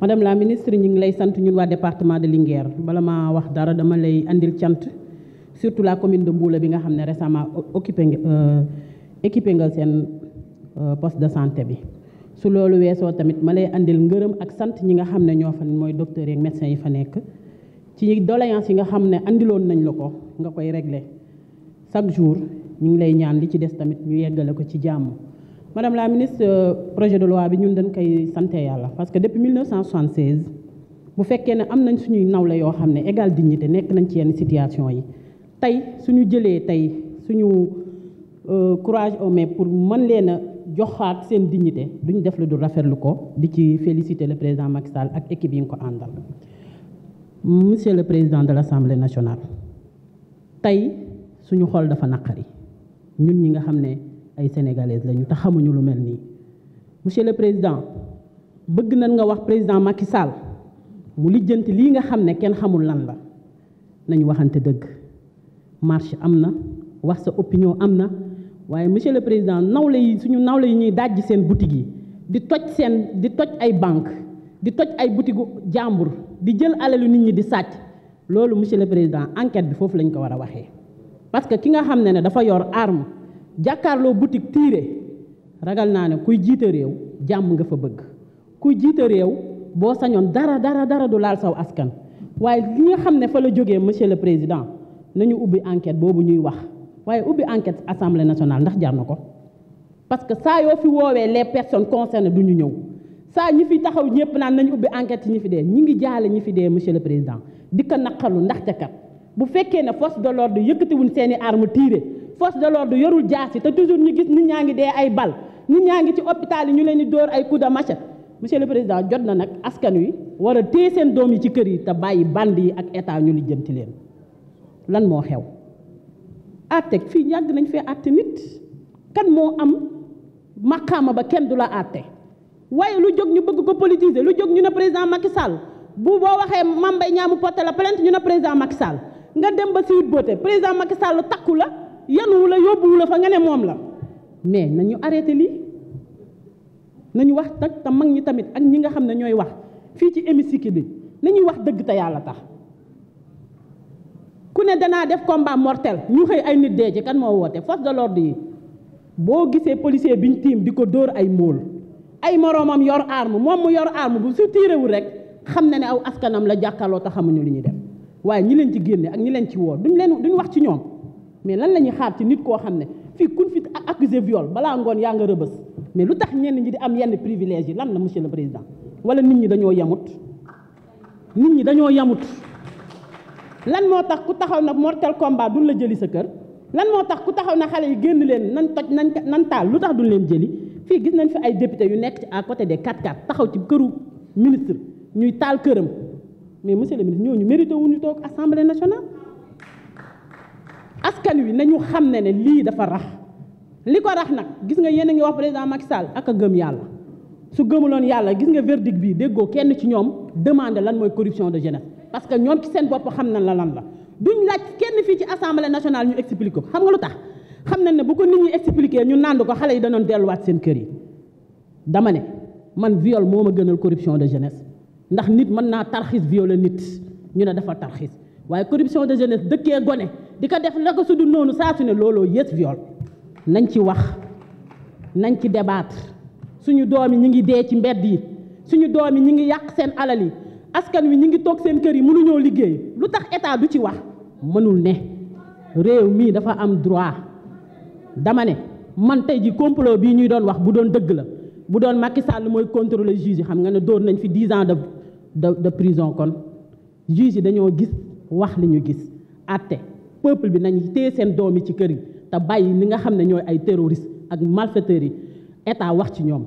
madame la ministre ñu ngi lay sant ñun waa département de Linguère bala maa wax dara dama lay indil cant surtout la commune de Mboula bi nga xam ne récemment occupé nga euh, équipé nga seen euh, poste de santé bi su loolu weesoo tamit ma lay indil ngërëm ak sant ñi nga xam ne ñoo fa mooy docteurs yi médecins yi fa nekk ci doléance yi nga xam ne indiloon nañ la ko nga koy régler chaque jour ñu ngi lay ñaan li ci des tamit ñu yeggale ko ci jàmm madame la ministre euh, projet de loi bi ñun dañ koy sante yàlla parce que depuis 1976 bu fekkee ne am nañ suñuy nawle yoo xam ne égale dignité nekk nañ ci yenn situation yi tey suñu jëlee tey suñu euh, courage aux mains pour man leen a joxaat seen dignité duñu def lu du rafetlu ko di ci féliciter le président Macky Sall ak équipe yi nga ko àndal monsieur le président de l'Assemblée nationale tey suñu xol dafa naqari ñun ñi nga xam ne ay sénégalaises lañu te xamuñu lu mel nii monsieur le président bëgg nañ nga wax président Macky Sall mu lijjanti lii nga xam ne kenn xamul lan la nañu waxante dëgg marche am na wax sa opinion am na waaye monsieur le président nawle yi suñu nawle yi ñuy dajji seen boutique yi di toj seen di toj ay banque di toj ay boutique jàmbur di jël alalu nit ñi di sàcc loolu monsieur le président enquête bi foofu lañ ko war a waxee parce que ki nga xam ne ne dafa yor arme jàkkaarloo boutique tiire ragal naa ne kuy jiite réew jàmm nga fa bëgg kuy jiite réew boo sañoon dara dara dara du laal saw askan waaye li nga xam ne fa la jógee monsieur le président nañu ubbi enquête boobu ñuy wax waaye ubbi enquête assemblée nationale ndax jar ko parce que saa yoo fi woowee les personnes concernées du ñu ñëw saa ñi fi taxaw ñëpp naan nañu ubbi enquête ñi fi dee ñi ngi jaale ñi fi dee monsieur le président di ko naqalu ndaxte kat bu fekkee ne force de l'ordre seeni arme tiire force de l'ordre yorul jaasi te toujours ñu gis nit ñaa ngi dee ay bal nit ñaa ngi ci hôpital yi ñu leen di dóor ay coup de machette le président jot na nag askan wi war a téye seen doom yi ci kër yi te bàyyi band yi ak état ñu lijjanti leen lan moo xew àtte fii yàgg nañ fee àtte nit kan moo am maqaama ba kenn du la àtte waaye lu jóg ñu bëgg ko politiser lu jóg ñu ne président Macky Sall bu boo waxee Mame Mbaye Niang mu porté la plainte ñu ne président Macky Sall nga dem ba Sweet Beauté président Macky Sall takku la yanu la yóbbuwu la fa nga ne moom la mais nañu arrêté lii nañu wax tak te mag ñi tamit ak ñi nga xam ne ñooy wax fii ci hémicycle bi ñuy wax dëgg te yàlla tax ku ne danaa def combat mortel ñu xëy ay nit dee ci kan moo woote force de l'ordre yi boo gisee policier ñu tiim di ko dóor ay mbóol ay moroomam yor aar mu moom mu yor arme bu su tiiréwul rek xam ne ne aw askanam la jàkkaarloo te xamuñu li ñuy def waaye ñi leen ci génne ak ñi leen ci woo duñ leen duñ wax ci ñoom mais lan la ñuy xaar ci nit koo xam ne fii kun fi accusé viol balaa ngoon yaa nga rëbës mais lu tax ñenn ñi di am yenn privilège yi lan la monsieur le président wala nit ñi dañoo yamut nit ñi dañoo yamut lan moo tax ku taxaw na mortel combat duñ la jëli sa kër lan moo tax ku taxaw na xale yi génn leen nan toj nan nan taal lu tax duñ leen jëli fii gis nañ fi ay député yu nekk ci à côté de 4 x taxaw ci këru ministre ñuy taal këram mais monsieur le ministre ñooñu mérité wuñu toog assemblée nationale askan wi ñu xam ne ne lii dafa rax li ko rax nag gis nga yéen a ngi wax président Macky Sall ak a gëm yàlla su gëmuloon yàlla gis nga verdict bii déggoo kenn ci ñoom demande lan mooy corruption de jeunesse parce que ñoom ci seen bopp xam nañ la lan la duñ laaj kenn fii ci assemblée national ñu expliqué ko xam nga lu tax xam nañ ne bu ko nit ñi expliqué ñu nànd ko xale yi danoon delluwaat seen kër yi dama ne man viol moom ma gënal corruption de jeunesse ndax nit mën naa tarxis violé nit ñu ne dafa tarxis waaye corruption de jeunesse dëkkee gone di ko def naka su dul noonu saa ne looloo yées viol nañ ci wax nañ ci debaat suñu doom yi ñu ngi dee ci mbedd yi suñu doom yi ñu ngi yàq seen alal yi askan wi ñu ngi toog seen kër yi mënuñoo liggéey lu tax état du ci wax mënul ne réew mii dafa am droit dama ne man tey ji complot bii ñuy doon wax bu doon dëgg la bu doon Macky Sall mooy contrôler juge yi xam nga ne dóor nañ fi 10 ans de de de prison kon juge yi dañoo gis wax li ñu gis àtte peuple bi nañu téye seen doom yi ci kër yi te bàyyi li nga xam ne ñooy ay terroristes ak malfaiteurs yi état wax ci ñoom.